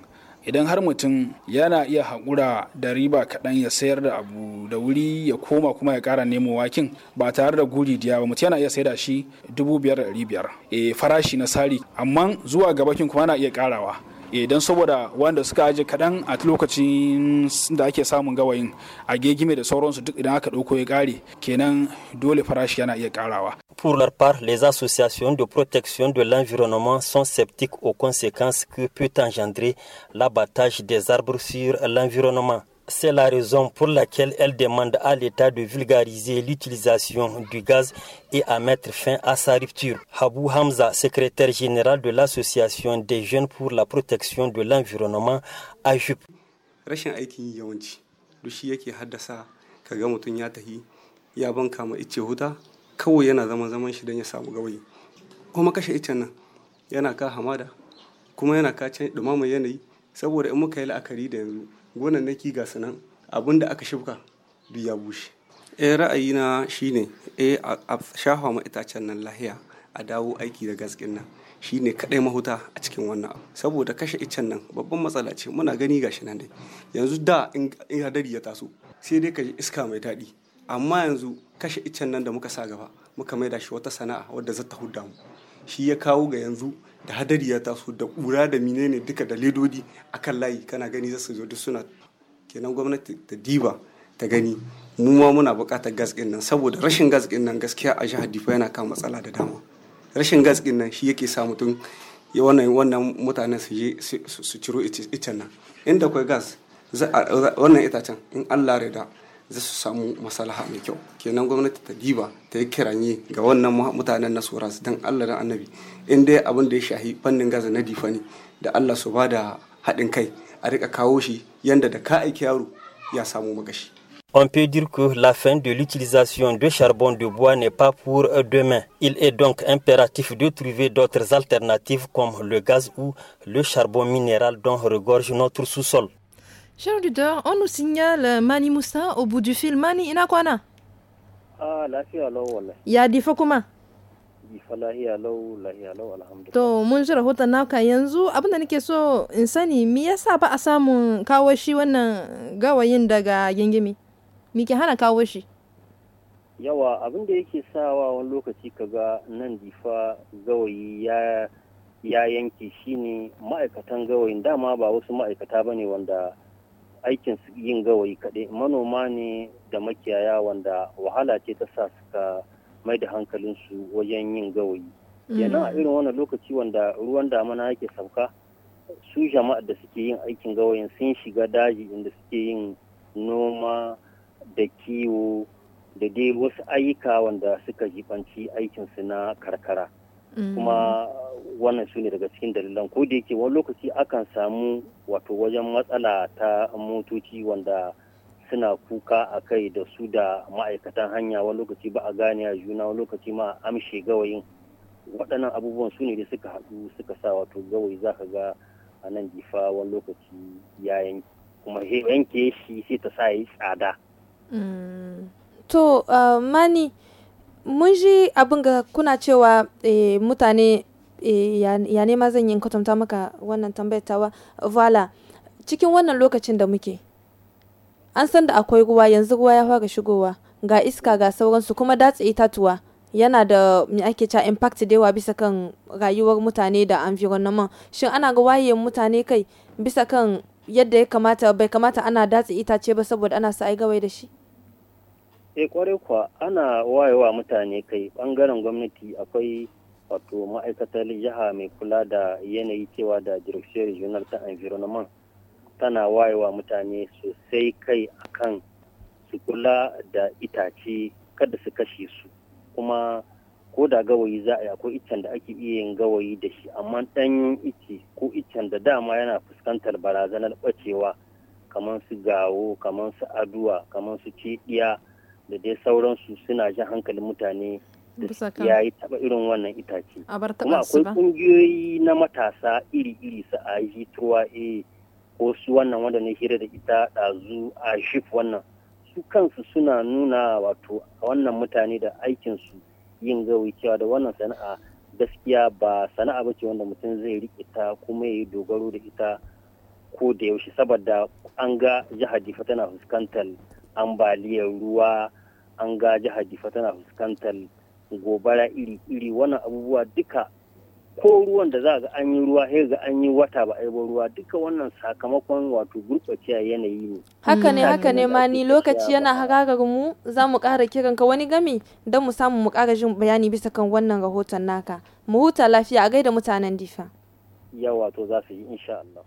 idan har mutum yana iya haƙura da riba kaɗan ya sayar da abu da wuri ya koma kuma ya ƙara nemo wakin ba tare da guri diya ba mutum yana iya sayar da shi dubu biyar da biyar e farashi na sari amma zuwa gabakin kuma yana iya ƙarawa idan eh, saboda wanda suka aje kaɗan a lokacin da ake samun gawayin a gegime da sauransu duk idan aka ɗauko ya ƙare kenan dole farashi yana iya ƙarawa Pour leur part, les associations de protection de l'environnement sont sceptiques aux conséquences que peut engendrer l'abattage des arbres sur l'environnement. C'est la raison pour laquelle elles demandent à l'État de vulgariser l'utilisation du gaz et à mettre fin à sa rupture. Habou Hamza, secrétaire général de l'Association des jeunes pour la protection de l'environnement, à Jup. kawai yana zaman zaman shi don ya samu gawayi kuma kashe icen nan yana ka hamada kuma yana ka dumama yanayi saboda in muka yi la'akari da yanzu gonan gonannaki ga sanan abin da aka shifka duk ya bushe eh, ra'ayi na shine e a shafa ma itacen nan lahiya a dawo aiki da gaskin nan shine kadai mahuta a cikin wannan abu saboda kashe iccen nan babban matsala ce muna gani gashi nan dai yanzu da in hadari ya taso sai dai ka iska mai daɗi amma yanzu kashe iccen nan da muka sa gaba muka maida shi wata sana'a wadda ta hudda mu shi ya kawo ga yanzu da hadari ya taso da ƙura da menene duka da ledodi akan layi kana gani za su zo duk suna kenan gwamnati ta diba ta gani mu ma muna buƙatar gas ɗin nan saboda rashin gas ɗin nan gaskiya a jihar Difa yana kan matsala da dama rashin gas ɗin nan shi yake sa mutum ya wannan wannan mutanen su je su ciro icen nan inda akwai gas wannan itacen in Allah ya da za su samu masalaha mai kyau kenan gwamnati ta diba ta yi kiranye ga wannan mutanen na su dan allah da annabi in dai abin da ya shahi fannin gaza na difa ne da allah su ba da haɗin kai a rika kawo shi yanda da ka aiki yaro ya samu magashi On peut dire que la fin de l'utilisation de charbon de bois n'est pas pour demain. Il est donc impératif de trouver d'autres alternatives comme le gaz ou le charbon minéral dont regorge notre sous-sol. Cher auditeur, on nous signale euh, Mani Moussa au bout du fil. Mani, ina kwana? Ah, ya difa kuma? To, mun ji rahoton naka yanzu abinda nake so in sani me yasa ba a samun kawo shi wannan gawayin daga gingimi? Me ke hana kawo shi? Yawa abin da yake sawa wani lokaci kaga nan difa gawayi ya ya yanke shine ma'aikatan gawayin dama ba wasu ma'aikata bane wanda aikin su yin gawayi kaɗai manoma ne da makiyaya wanda wahala ce ta sa suka mai da hankalinsu wajen yin gawayi yana mm. a irin wannan lokaci wanda ruwan damana yake sauka su jama'a da suke yin aikin gawayin sun shiga daji inda suke yin noma da kiwo da dai wasu ayyuka wanda suka jibanci aikinsu na karkara Mm. kuma wannan su ne daga cikin dalilan ko da yake wani lokaci akan samu wato wajen matsala ta motoci wanda suna kuka a kai da su da ma'aikatan hanya wani lokaci ba a gane a juna wani lokaci ma amshe gawayin waɗannan abubuwan su ne da suka haɗu suka sa wato gawayi za ka ga a nan jifa wani lokaci ya yanke kuma yanke shi sai ta sa ya yi tsada. Mm. to uh, mani mun ji abin ga kuna cewa e, mutane e, ya, nema zan yi kwatanta maka wannan tambayatawa vala cikin wannan lokacin da muke an san da akwai ruwa yanzu ruwa ya fara shigowa ga iska ga sauransu kuma datse itatuwa yana da mai ake cewa impact da yawa bisa kan rayuwar mutane da environment shin ana ga waye mutane kai bisa kan yadda ya kamata bai kamata ana datse itace ba saboda ana sa gawai da shi sai eh, kwarai kuwa ana wayewa mutane kai bangaren gwamnati akwai wato ma'aikatar jiha mai kula da yanayi cewa da direction regional ta environment tana wayewa mutane sosai kai akan su kula da itace kada su kashe su kuma ko da gawayi za a yi akwai iccen da ake iya yin gawayi da shi amma ɗanyen ice ko iccen da dama yana fuskantar barazanar bacewa kamar su gawo kamar su aduwa kamar su cediya da dai sauransu suna jan hankalin mutane da ya yi taba irin wannan itace kuma akwai kungiyoyi na matasa iri-iri su a yi e ko su wannan wanda ne hira da ita ɗazu a shif wannan su kansu suna nuna wato wannan mutane da aikinsu yin gawi cewa da wannan sana'a gaskiya ba sana'a ba ce wanda mutum zai riƙe ta kuma ya yi dogaro da ita ko da yaushe saboda an ga jihar jifa tana fuskantar ambaliyar ruwa an ga jihar jifa tana fuskantar gobara iri-iri wannan abubuwa duka ko ruwan da za ga an yi ruwa sai ga an yi wata ba ba ruwa duka wannan sakamakon wato gurɓaciya yanayi ne haka ne hmm. haka ne ma ni lokaci yana hararar mu za mu ƙara kiran ka wani gami don mu samu mu ƙara jin bayani bisa kan wannan rahoton naka mu huta lafiya a gaida mutanen difa yawa to za su yi insha Allah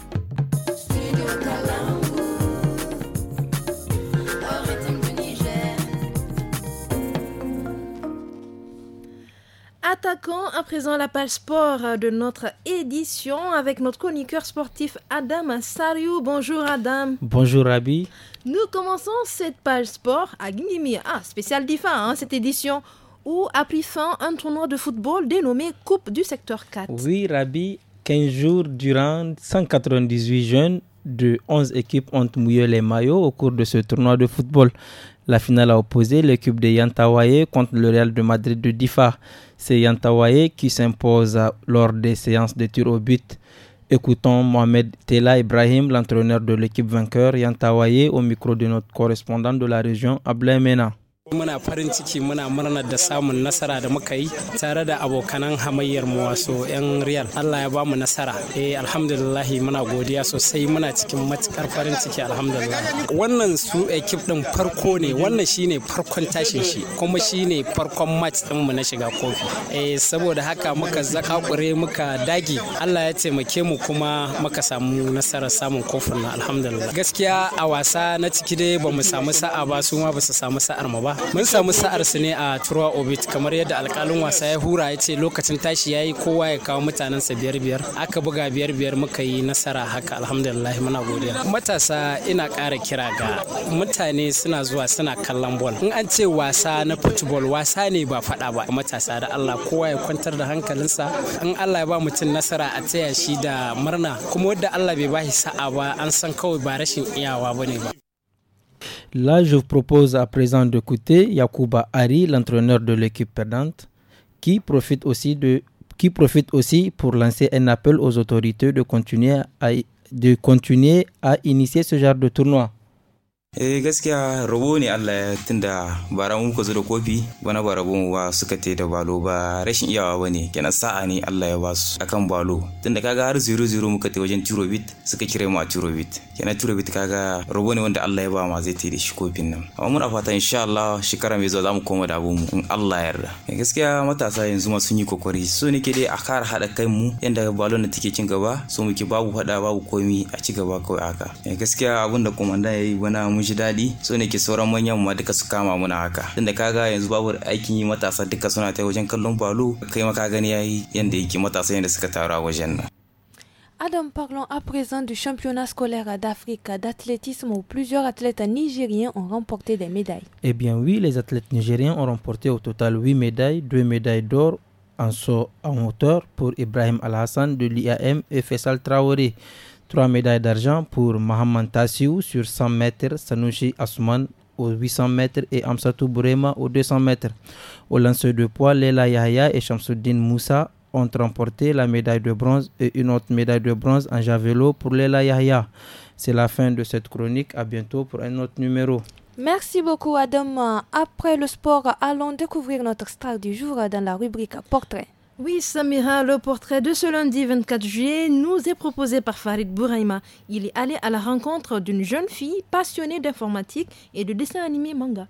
Attaquons à présent la page sport de notre édition avec notre chroniqueur sportif Adam Sariou. Bonjour Adam. Bonjour Rabi. Nous commençons cette page sport à Gnimi, Ah, spécial DIFA, hein, cette édition où a pris fin un tournoi de football dénommé Coupe du secteur 4. Oui, Rabi, 15 jours durant, 198 jeunes de 11 équipes ont mouillé les maillots au cours de ce tournoi de football. La finale a opposé l'équipe de Yantawaye contre le Real de Madrid de Difa. C'est Yantawaye qui s'impose lors des séances de tir au but. Écoutons Mohamed Tela Ibrahim, l'entraîneur de l'équipe vainqueur Yantawaye, au micro de notre correspondant de la région, Ablaimena. Mena. muna farin ciki muna murnar da samun nasara da muka yi tare da abokanan hamayyar mu wasu yan riyal Allah ya bamu nasara eh alhamdulillah muna godiya sosai muna cikin matukar farin ciki alhamdulillah wannan su ekip din farko ne wannan shine farkon tashin shi kuma shine farkon match din mu na shiga kofi eh saboda haka muka zaka kure muka dage Allah ya taimake mu kuma muka samu nasarar samun kofin na alhamdulillah gaskiya a wasa na ciki dai bamu samu sa'a ba su ma basu samu sa'ar mu ba mun samu sa'ar su ne a turwa obit kamar yadda alkalin wasa ya hura ya ce lokacin tashi ya yi kowa ya kawo mutanensa biyar biyar aka buga biyar biyar muka yi nasara haka alhamdulillah muna godiya matasa ina ƙara kira ga mutane suna zuwa suna kallon bol in an ce wasa na football wasa ne ba faɗa ba matasa da Allah kowa ya kwantar da hankalinsa in Allah ya ba mutum nasara a taya shi da murna kuma wanda Allah bai ba bashi sa'a ba an san kawai ba rashin iyawa bane ba Là, je vous propose à présent d'écouter Yakuba Ari, l'entraîneur de l'équipe perdante, qui profite aussi de qui profite aussi pour lancer un appel aux autorités de continuer à, de continuer à initier ce genre de tournoi. Eh gaskiya rabo ne Allah ya tunda bara mu ku zo da kofi bana ba wa suka te da balo ba rashin iyawa ba ne kenan sa'a ne Allah ya basu akan balo tunda kaga har zero zero muka te wajen Turobit suka kire mu a Turobit kenan Turobit kaga rabo ne wanda Allah ya ba ma zai te da shi kofin nan amma muna fata insha Allah shekara mai zuwa zamu koma da abun mu in Allah ya yarda eh, gaskiya matasa yanzu ma sun yi kokari so ke dai a kara hada kai mu yanda balo na take cin gaba so muke babu fada babu komi a ci gaba kawai haka eh, gaskiya abin da komanda yi bana Adam, parlons à présent du championnat scolaire d'Afrique d'athlétisme où plusieurs athlètes nigériens ont remporté des médailles. Eh bien oui, les athlètes nigériens ont remporté au total 8 médailles, 2 médailles d'or en saut en hauteur pour Ibrahim Al-Hassan de l'IAM et Fessal Traoré Trois médailles d'argent pour Mohamed Tassiou sur 100 mètres, Sanushi Asuman aux 800 mètres et Amsatou Burema aux 200 mètres. Au lanceur de poids, Leila Yahya et Shamsuddin Moussa ont remporté la médaille de bronze et une autre médaille de bronze en javelot pour Leila Yahya. C'est la fin de cette chronique. À bientôt pour un autre numéro. Merci beaucoup Adam. Après le sport, allons découvrir notre star du jour dans la rubrique Portrait. Oui, Samira, le portrait de ce lundi 24 juillet nous est proposé par Farid Bouraima. Il est allé à la rencontre d'une jeune fille passionnée d'informatique et de dessin animé manga.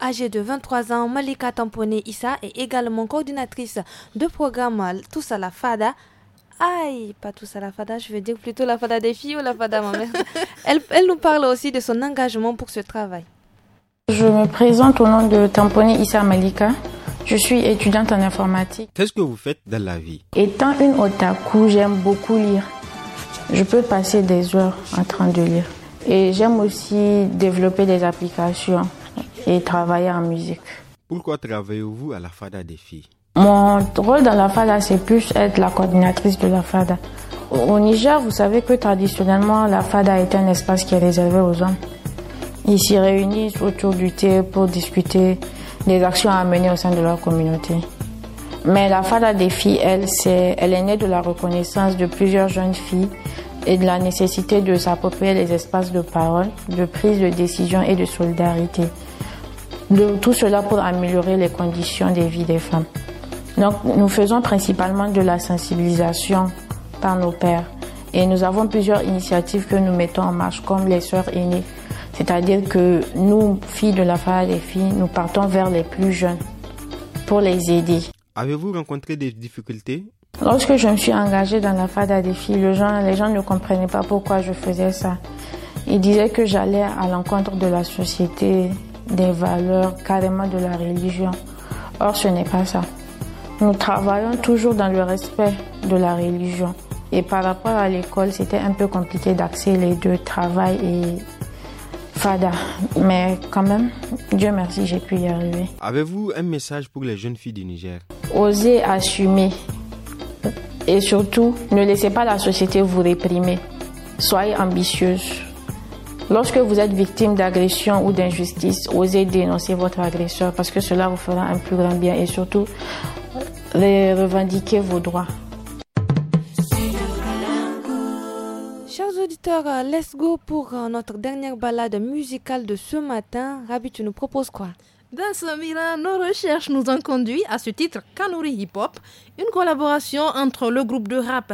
Âgée de 23 ans, Malika Tamponé Issa est également coordinatrice de programme Tous à la Fada. Aïe, pas tous à la fada, je veux dire plutôt la fada des filles ou la fada ma Elle, elle nous parle aussi de son engagement pour ce travail. Je me présente au nom de Tamponé Issa Malika. Je suis étudiante en informatique. Qu'est-ce que vous faites dans la vie Étant une otaku, j'aime beaucoup lire. Je peux passer des heures en train de lire. Et j'aime aussi développer des applications et travailler en musique. Pourquoi travaillez-vous à la FADA des filles Mon rôle dans la FADA, c'est plus être la coordinatrice de la FADA. Au Niger, vous savez que traditionnellement, la FADA est un espace qui est réservé aux hommes. Ils s'y réunissent autour du thé pour discuter des actions à mener au sein de leur communauté. Mais la Fada des filles, elle, c'est, elle est née de la reconnaissance de plusieurs jeunes filles et de la nécessité de s'approprier les espaces de parole, de prise de décision et de solidarité. De tout cela pour améliorer les conditions de vie des femmes. Donc, nous faisons principalement de la sensibilisation par nos pères et nous avons plusieurs initiatives que nous mettons en marche, comme les sœurs aînées c'est-à-dire que nous, filles de la Fada des filles, nous partons vers les plus jeunes pour les aider. Avez-vous rencontré des difficultés Lorsque je me suis engagée dans la FADA des filles, les gens ne comprenaient pas pourquoi je faisais ça. Ils disaient que j'allais à l'encontre de la société, des valeurs, carrément de la religion. Or, ce n'est pas ça. Nous travaillons toujours dans le respect de la religion. Et par rapport à l'école, c'était un peu compliqué d'accéder, les deux, travail et Fada. Mais quand même, Dieu merci, j'ai pu y arriver. Avez-vous un message pour les jeunes filles du Niger Osez assumer. Et surtout, ne laissez pas la société vous réprimer. Soyez ambitieuse. Lorsque vous êtes victime d'agression ou d'injustice, osez dénoncer votre agresseur parce que cela vous fera un plus grand bien et surtout, revendiquez vos droits. auditeurs, euh, let's go pour euh, notre dernière balade musicale de ce matin. Rabi, tu nous proposes quoi dans ce mirage, nos recherches nous ont conduit à ce titre Kanuri Hip Hop, une collaboration entre le groupe de rap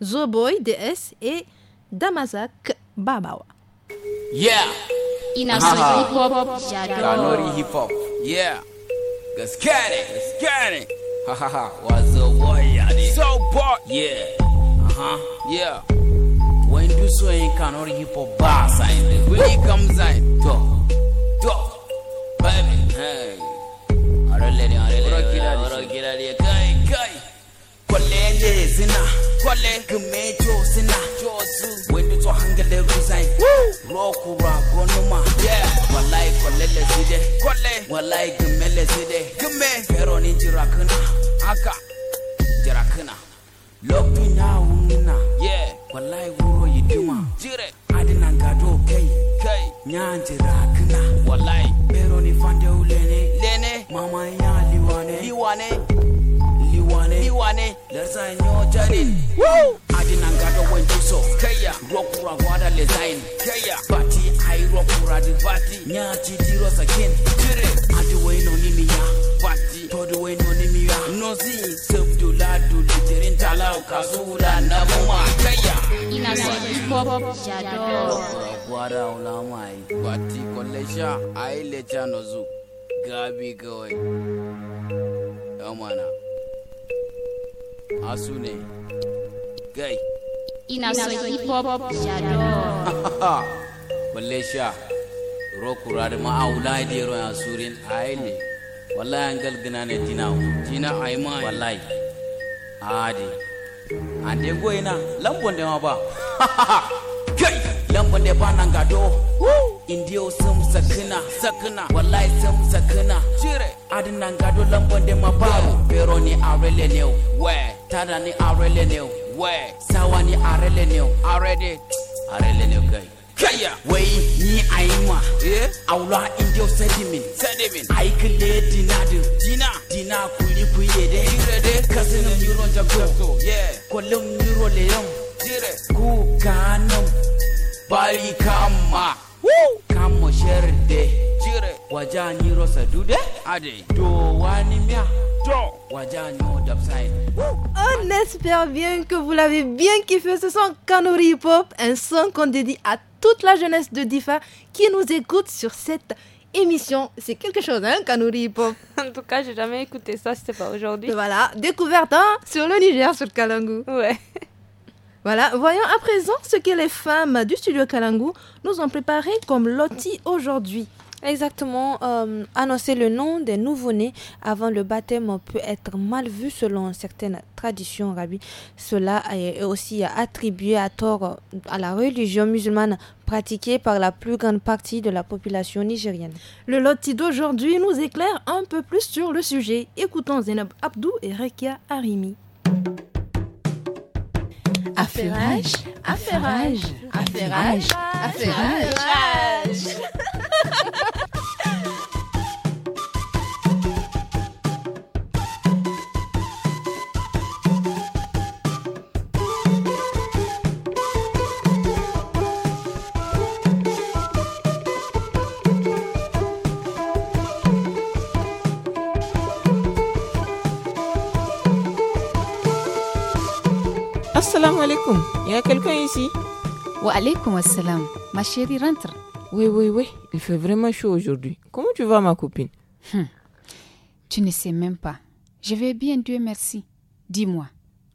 The Boy DS et Damazak Babawa. Yeah! Hip Hop, Kanuri Hip Hop, yeah! Let's get it, Ha ha ha, what's So boy, yeah! Uh huh, yeah! when do so in cannot hip hop bar sign when he comes in talk talk baby hey arale arale arale arale kai kai kwalele zina kwale kumecho zina josu when do so hangele resign roku rapo numa yeah walai kwalele zide kwale walai kumele zide kume pero ni jirakuna aka jirakuna Lopi na unina. Yeah. Wallahi wuro yiduma. Direct. Adina gado kai. Kai. Nyanje rakna. Wallahi. Pero ni fande ulene. Lene. Mama ya liwane. Liwane. Liwane. Liwane. Lerza Woo. Adina gado wendo so. Kaya. Rokura wada lezain. Kaya. Bati ai rokura divati. Nyachi diros again. Direct. Adi weno nimi ya. Bati. todo wai noni miya nozi sef dola dole jirin talau kasula na ma kaya ina son hip hop jado gwara ulama yi bati kolesha ai lecha zu gabi kawai yamana asu ne gai ina son hip hop jado kolesha rokura da ma'aula da ro asurin ai ne wallahi an gal ginane dinawo dina ayma wallahi adi ande goyna lambonde ma ba kai lambonde ba nan gado indiyo sun sakina sakina wallahi sun sakina jire adi gado lambonde de maba. pero ni arele ne we tada ni arele ne we sawa ni arele ne arede arele ne kai wai ni aima eh? aula indio sedimin sedimin ai kule dinadin dina dina kuli kuye de de kasin euro jago kolum euro leyam ku kanam bari kama kama sherde waja ni rosa dude ade do wani mia On espère bien que vous l'avez bien kiffé ce son Kanuri Hip Hop, un son qu'on dédie à toute la jeunesse de DIFA qui nous écoute sur cette émission. C'est quelque chose, hein, Kanuri Hip En tout cas, j'ai jamais écouté ça, c'était pas aujourd'hui. Voilà, découverte hein, sur le Niger, sur le Kalangu. Ouais. Voilà, voyons à présent ce que les femmes du studio Kalangu nous ont préparé comme loti aujourd'hui. Exactement. Euh, annoncer le nom des nouveau-nés avant le baptême peut être mal vu selon certaines traditions, Rabbi. Cela est aussi attribué à tort à la religion musulmane pratiquée par la plus grande partie de la population nigérienne. Le loti d'aujourd'hui nous éclaire un peu plus sur le sujet. Écoutons Zainab Abdou et Rekia Harimi. Affairage, affairage, affairage, affairage. il y a quelqu'un ici Wa assalam, ma chérie rentre. Oui, oui, oui, il fait vraiment chaud aujourd'hui. Comment tu vas ma copine hmm. Tu ne sais même pas. Je vais bien, Dieu merci. Dis-moi,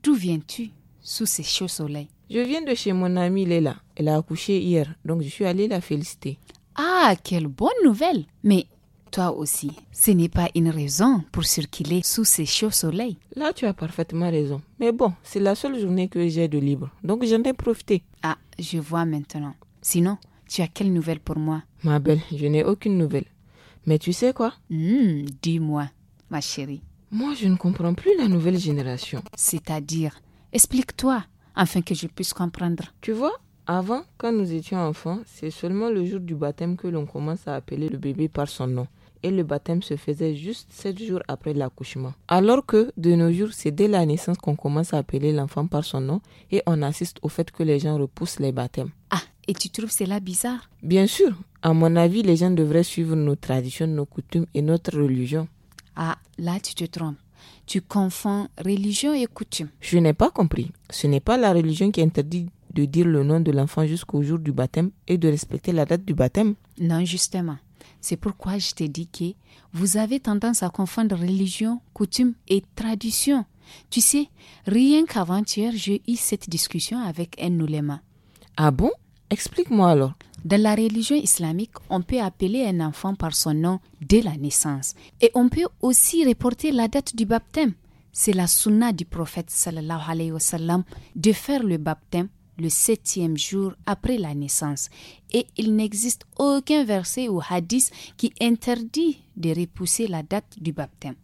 d'où viens-tu sous ces chauds soleils Je viens de chez mon amie Léla. Elle a accouché hier, donc je suis allée la féliciter. Ah, quelle bonne nouvelle Mais toi aussi. Ce n'est pas une raison pour circuler sous ces chauds soleils. Là, tu as parfaitement raison. Mais bon, c'est la seule journée que j'ai de libre, donc j'en ai profité. Ah, je vois maintenant. Sinon, tu as quelle nouvelle pour moi Ma belle, je n'ai aucune nouvelle. Mais tu sais quoi hmm, Dis-moi, ma chérie. Moi, je ne comprends plus la nouvelle génération. C'est-à-dire, explique-toi, afin que je puisse comprendre. Tu vois, avant, quand nous étions enfants, c'est seulement le jour du baptême que l'on commence à appeler le bébé par son nom et le baptême se faisait juste sept jours après l'accouchement. Alors que de nos jours, c'est dès la naissance qu'on commence à appeler l'enfant par son nom et on assiste au fait que les gens repoussent les baptêmes. Ah, et tu trouves cela bizarre Bien sûr. À mon avis, les gens devraient suivre nos traditions, nos coutumes et notre religion. Ah, là tu te trompes. Tu confonds religion et coutume. Je n'ai pas compris. Ce n'est pas la religion qui interdit de dire le nom de l'enfant jusqu'au jour du baptême et de respecter la date du baptême. Non, justement. C'est pourquoi je t'ai dit que vous avez tendance à confondre religion, coutume et tradition. Tu sais, rien qu'avant-hier, j'ai eu cette discussion avec un ouléma. Ah bon Explique-moi alors. Dans la religion islamique, on peut appeler un enfant par son nom dès la naissance. Et on peut aussi reporter la date du baptême. C'est la sunna du prophète sallallahu alayhi wa de faire le baptême le septième jour après la naissance. Et il n'existe aucun verset ou hadith qui interdit de repousser la date du baptême.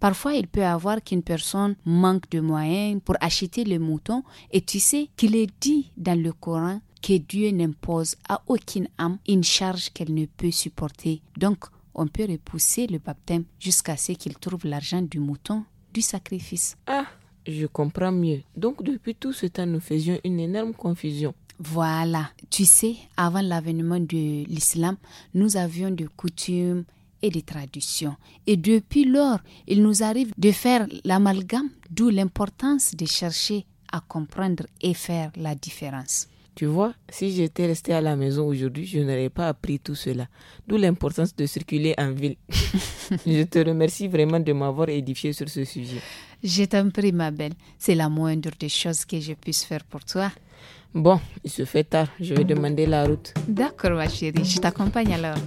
Parfois, il peut avoir qu'une personne manque de moyens pour acheter le mouton et tu sais qu'il est dit dans le Coran que Dieu n'impose à aucune âme une charge qu'elle ne peut supporter. Donc, on peut repousser le baptême jusqu'à ce qu'il trouve l'argent du mouton du sacrifice. Ah, je comprends mieux. Donc depuis tout ce temps, nous faisions une énorme confusion. Voilà. Tu sais, avant l'avènement de l'islam, nous avions des coutumes et des traditions. Et depuis lors, il nous arrive de faire l'amalgame, d'où l'importance de chercher à comprendre et faire la différence. Tu vois, si j'étais resté à la maison aujourd'hui, je n'aurais pas appris tout cela. D'où l'importance de circuler en ville. je te remercie vraiment de m'avoir édifié sur ce sujet. Je t'en prie, ma belle. C'est la moindre des choses que je puisse faire pour toi. Bon, il se fait tard. Je vais demander la route. D'accord, ma chérie. Je t'accompagne alors.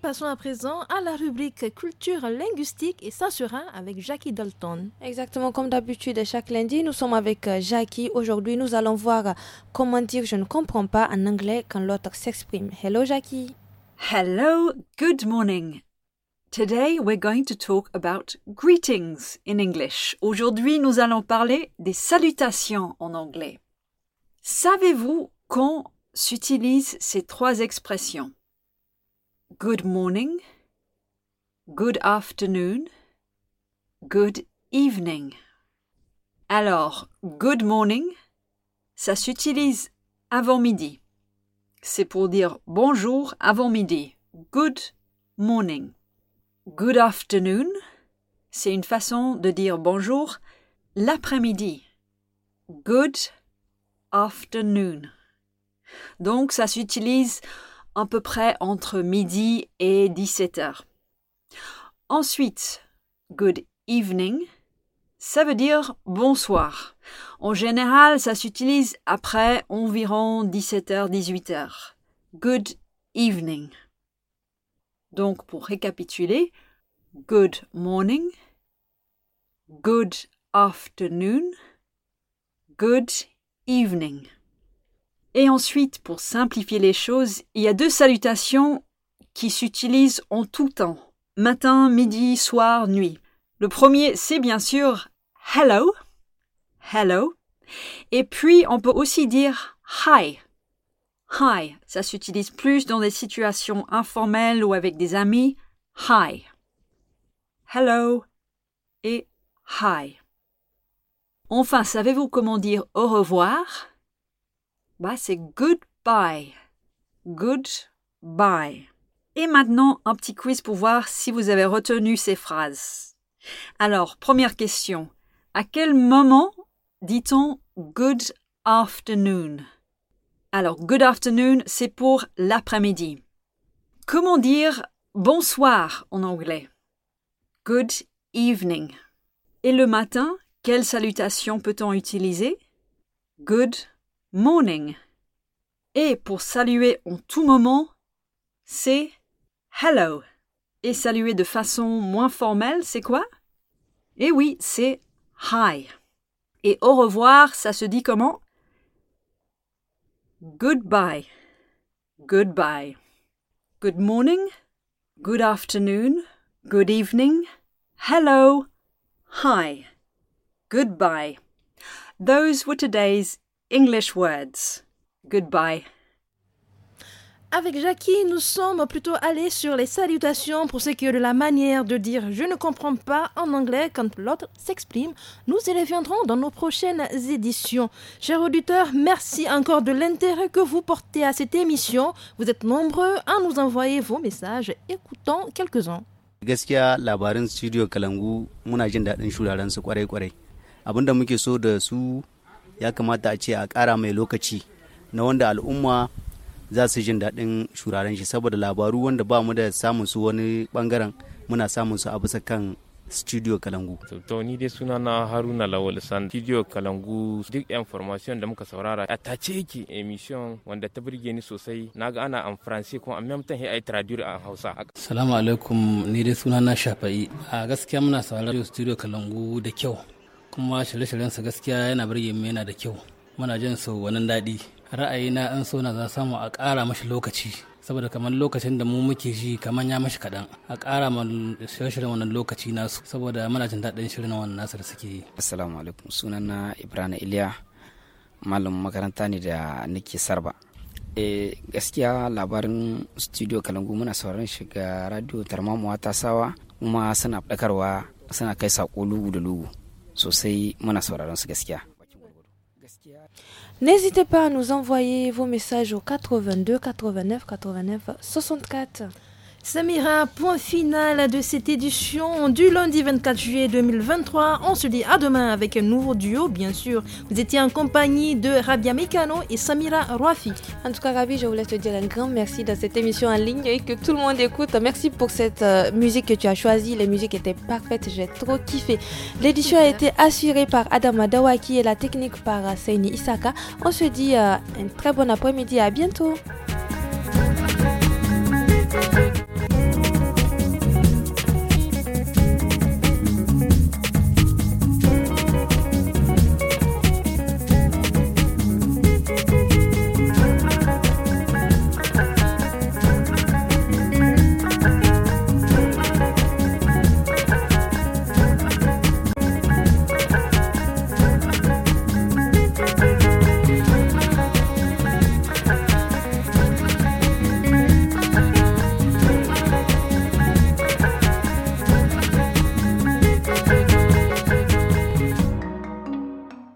passons à présent à la rubrique culture linguistique et ça avec Jackie Dalton. Exactement comme d'habitude, chaque lundi, nous sommes avec euh, Jackie. Aujourd'hui, nous allons voir comment dire je ne comprends pas en anglais quand l'autre s'exprime. Hello Jackie. Hello, good morning. Today we're going to talk about greetings in English. Aujourd'hui, nous allons parler des salutations en anglais. Savez-vous quand s'utilisent ces trois expressions good morning, good afternoon, good evening. Alors, good morning, ça s'utilise avant midi. C'est pour dire bonjour avant midi. Good morning. Good afternoon, c'est une façon de dire bonjour l'après-midi. Good afternoon. Donc ça s'utilise à peu près entre midi et 17 heures. Ensuite, good evening, ça veut dire bonsoir. En général, ça s'utilise après environ 17h, 18 heures. Good evening. Donc, pour récapituler, good morning, good afternoon, good evening. Et ensuite, pour simplifier les choses, il y a deux salutations qui s'utilisent en tout temps, matin, midi, soir, nuit. Le premier, c'est bien sûr hello, hello. Et puis, on peut aussi dire hi, hi. Ça s'utilise plus dans des situations informelles ou avec des amis. Hi, hello et hi. Enfin, savez-vous comment dire au revoir bah, c'est goodbye. Goodbye. Et maintenant, un petit quiz pour voir si vous avez retenu ces phrases. Alors, première question. À quel moment dit-on good afternoon Alors, good afternoon, c'est pour l'après-midi. Comment dire bonsoir en anglais Good evening. Et le matin, quelle salutation peut-on utiliser Good morning. Et pour saluer en tout moment, c'est hello. Et saluer de façon moins formelle, c'est quoi Eh oui, c'est hi. Et au revoir, ça se dit comment Goodbye. Goodbye. Good morning. Good afternoon. Good evening. Hello. Hi. Goodbye. Those were today's English words. Goodbye. Avec Jackie, nous sommes plutôt allés sur les salutations pour ce qui est de la manière de dire je ne comprends pas en anglais quand l'autre s'exprime. Nous y reviendrons dans nos prochaines éditions. Chers auditeurs, merci encore de l'intérêt que vous portez à cette émission. Vous êtes nombreux à nous envoyer vos messages. Écoutons quelques-uns. gaskiya labarin studio kalangu muna jin shuraren su muke so da su ya kamata a ce a ƙara mai lokaci na wanda al'umma za su jin daɗin shuraren shi saboda labaru wanda ba mu da samun su wani bangaren muna samun su a bisa kan studio kalangu to ni dai suna na haruna lawal san studio kalangu duk information da muka saurara a tace yake emission wanda ta burge ni sosai na ga ana an france kuma amma mutan ai traduire a hausa assalamu alaikum ni dai suna na shafa'i a gaskiya muna saurara studio kalangu da kyau kuma shirye-shiryen su gaskiya yana birge mu yana da kyau muna jin su wani daɗi ra'ayina an so na za samu a ƙara mashi lokaci saboda kamar lokacin da mu muke ji kamar ya mashi kaɗan a ƙara ma shiryen wannan lokaci nasu saboda muna jin daɗin shirin wannan nasu da suke yi assalamu alaikum na ibrahim iliya malamin makaranta ne da nake sarba e gaskiya labarin studio kalangu muna sauran shiga radio tarmamuwa ta sawa kuma suna ɗakarwa suna kai sako lugu da lugu N'hésitez pas à nous envoyer vos messages au 82 89 89 64. Samira, point final de cette édition du lundi 24 juillet 2023. On se dit à demain avec un nouveau duo, bien sûr. Vous étiez en compagnie de Rabia Mekano et Samira Rafi. En tout cas, Rabi, je voulais te dire un grand merci dans cette émission en ligne et que tout le monde écoute. Merci pour cette euh, musique que tu as choisie. Les musiques étaient parfaites. J'ai trop kiffé. L'édition a été assurée par Adama Dawaki et la technique par euh, Seini Isaka. On se dit euh, un très bon après-midi. À bientôt.